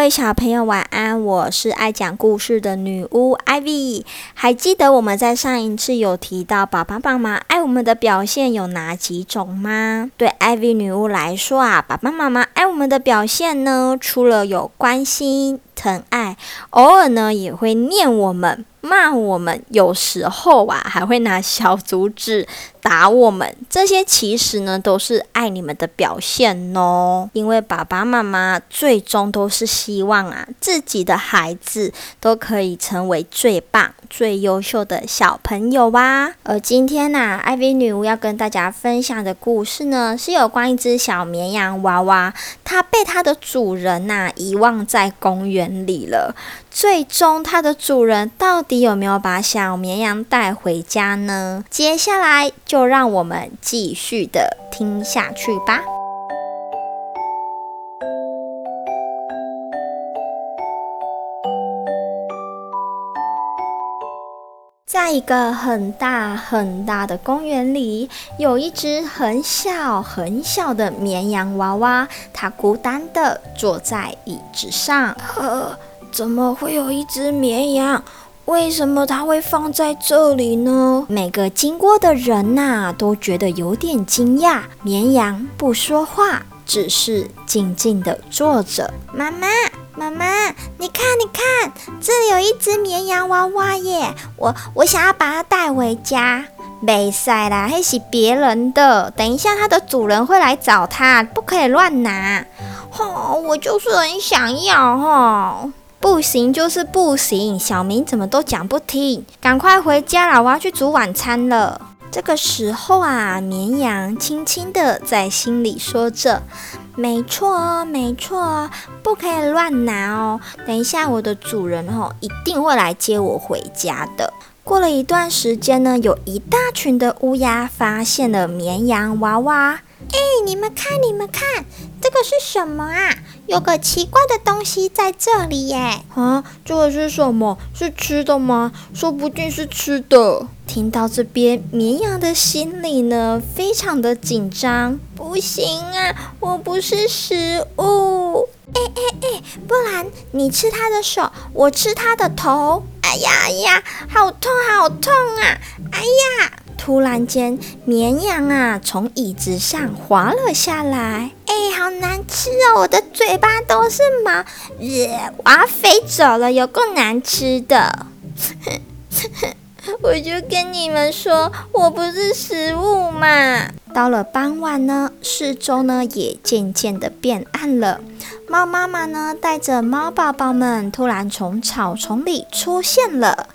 各位小朋友晚安，我是愛講故事的女巫 Ivy。還記得我們在上一次有提到，爸爸媽媽愛我們的表現有哪幾種嗎？對 Ivy 女巫來說啊，爸爸媽媽愛我們的表現呢，除了有關心。疼愛，偶爾呢也會念我們、罵我們，有時候啊還會拿小竹子打我們。這些其實呢都是愛你們的表現哦。因為爸爸媽媽最終都是希望啊自己的孩子都可以成為最棒、最優秀的小朋友哇、啊。而今天呢、啊，艾薇女巫要跟大家分享的故事呢，是有關一只小綿羊娃娃，它被它的主人吶、啊，遺忘在公園。理了，最終它的主人到底有沒有把小綿羊帶回家呢？接下來就讓我們繼續的聽下去吧。在一個很大很大的公園裡，有一隻很小很小的綿羊娃娃，它孤單地坐在椅子上。呃，怎麼會有一隻綿羊？為什麼它會放在這裡呢？每個經過的人吶，啊，都覺得有點驚訝。綿羊不說話。只是靜靜的坐着。媽媽，媽媽，你看，你看，這裡有一隻綿羊娃娃耶！我我想要把它帶回家。沒事啦，那是別人的。等一下，它的主人會來找它，不可以亂拿。吼、哦，我就是很想要吼、哦。不行，就是不行。小明怎麼都講不聽，趕快回家啦，我要去煮晚餐了。這個時候啊，綿羊輕輕的在心裡說着：“沒錯哦，沒錯哦，不可以亂拿哦。等一下，我的主人哦，一定會來接我回家的。”過了一段時間呢，有一大群的烏鴉發現了綿羊娃娃：“哎、欸，你們看，你們看！”這個是什麼啊？有個奇怪的東西在這裡耶！啊，這個是什麼？是吃的嗎？說不定是吃的。聽到這邊，綿羊的心裡呢，非常的緊張。不行啊，我不是食物。哎哎哎，不然你吃它的手，我吃它的頭。哎呀哎呀，好痛好痛啊！哎呀！突然間，綿羊啊，從椅子上滑了下來。哎、欸，好難吃哦，我的嘴巴都是毛，耶、呃，我要飛走了，有夠難吃的。 我就跟你們說，我不是食物嘛。到了傍晚呢，四周呢也漸漸的變暗了。貓媽媽呢，帶着貓寶寶們，突然從草叢裡出現了。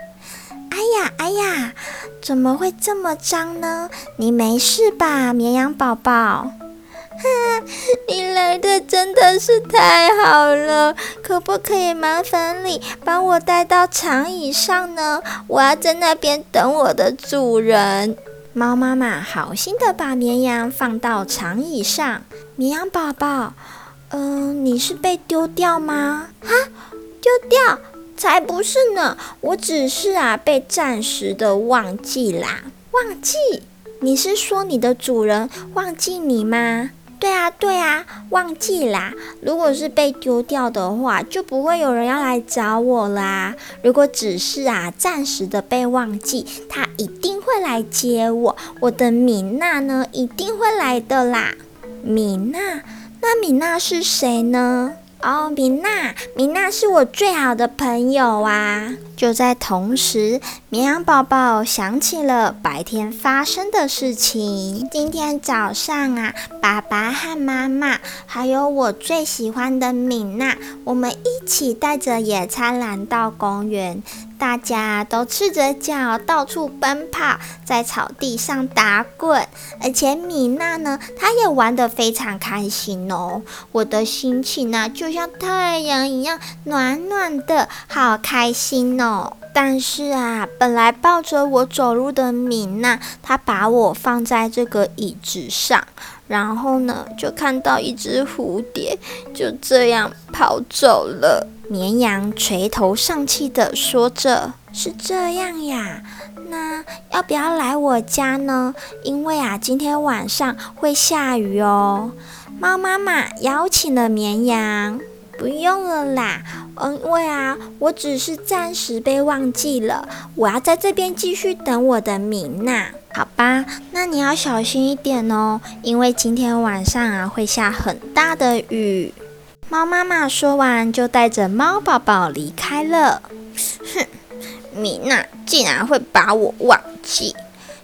哎呀哎呀，怎麼會這麼髒呢？你沒事吧，綿羊寶寶？哈， 你來的真的是太好了，可不可以麻煩你幫我帶到長椅上呢？我要在那邊等我的主人。貓媽媽好心的把綿羊放到長椅上。綿羊寶寶，嗯、呃，你是被丟掉嗎？哈，丟掉。才不是呢！我只是啊，被暫時的忘記啦。忘記？你是說你的主人忘記你嗎？對啊，對啊，忘記啦。如果是被丟掉的話，就不會有人要來找我啦。如果只是啊，暫時的被忘記，他一定會來接我。我的米娜呢，一定會來的啦。米娜？那米娜是誰呢？哦，米娜，米娜是我最好的朋友啊。就在同時，綿羊寶寶想起了白天發生的事情。今天早上啊，爸爸和媽媽，還有我最喜歡的米娜，我們一起帶着野餐籃到公園。大家都赤着腳到處奔跑，在草地上打滾。而且米娜呢，她也玩得非常開心哦。我的心情呢、啊，就像太陽一樣暖暖的，好開心哦。但是啊，本來抱着我走路的米娜，她把我放在這個椅子上，然後呢，就看到一隻蝴蝶就這樣跑走了。綿羊垂頭喪氣的說着：“是這樣呀，那要不要來我家呢？因為啊，今天晚上會下雨哦。”貓媽媽邀請了綿羊。不用了啦，嗯，因為啊，我只是暫時被忘記了，我要在這邊繼續等我的米娜。好吧，那你要小心一點哦，因為今天晚上啊會下很大的雨。貓媽媽說完就帶着貓寶寶離開了。哼，米娜竟然會把我忘記。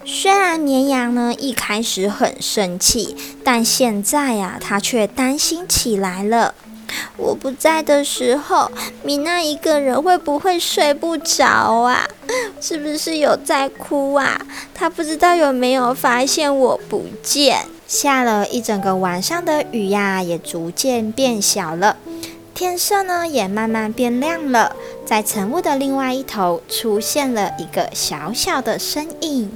雖然綿羊呢一開始很生氣，但現在呀、啊，它卻擔心起來了。我不在的時候，米娜一個人會不會睡不着啊？是不是有在哭啊？她不知道有沒有發現我不見。下了一整個晚上的雨呀、啊，也逐漸變小了，天色呢也慢慢變亮了。在晨霧的另外一頭，出現了一個小小的身影。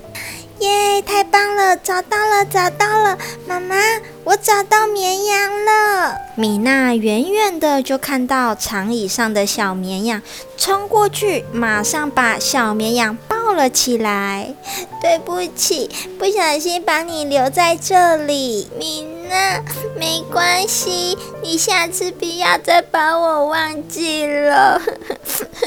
耶、yeah！太棒了，找到了，找到了！媽媽，我找到綿羊了。米娜遠遠的就看到長椅上的小綿羊，衝過去，馬上把小綿羊抱了起來。對不起，不小心把你留在這裡。米娜，沒關係，你下次不要再把我忘記了。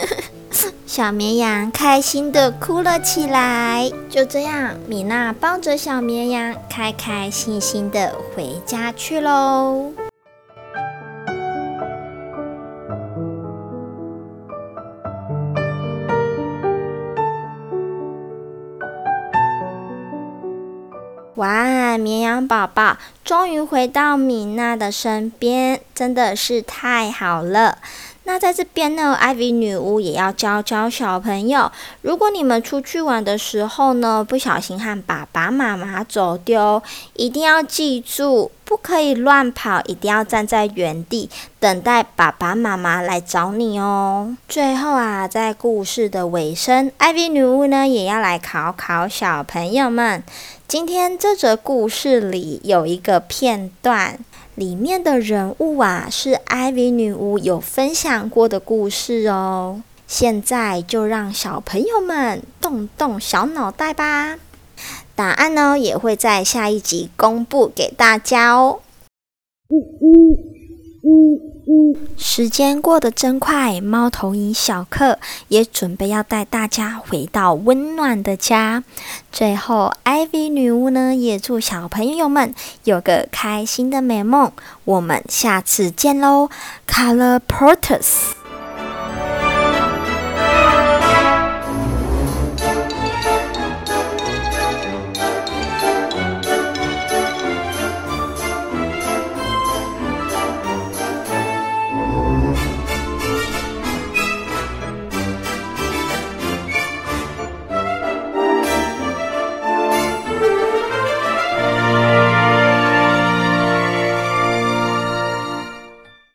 小綿羊開心的哭了起來，就這樣，米娜抱着小綿羊，開開心心的回家去嘍。哇，綿羊寶寶終於回到米娜的身邊，真的是太好了！那在這邊呢，艾薇女巫也要教教小朋友。如果你們出去玩的時候呢，不小心和爸爸媽媽走丟，一定要記住，不可以亂跑，一定要站在原地等待爸爸媽媽來找你哦。最後啊，在故事的尾聲，艾薇女巫呢，也要來考考小朋友們。今天這則故事裡有一個片段，裡面的人物啊，是艾薇女巫有分享過的故事哦。現在就讓小朋友們動動小腦袋吧，答案呢，也會在下一集公布給大家哦。嗯嗯時間過得真快，貓頭鷹小克也準備要帶大家回到溫暖的家。最後，艾薇女巫呢也祝小朋友們有個開心的美夢。我們下次見嘍，Colloportus。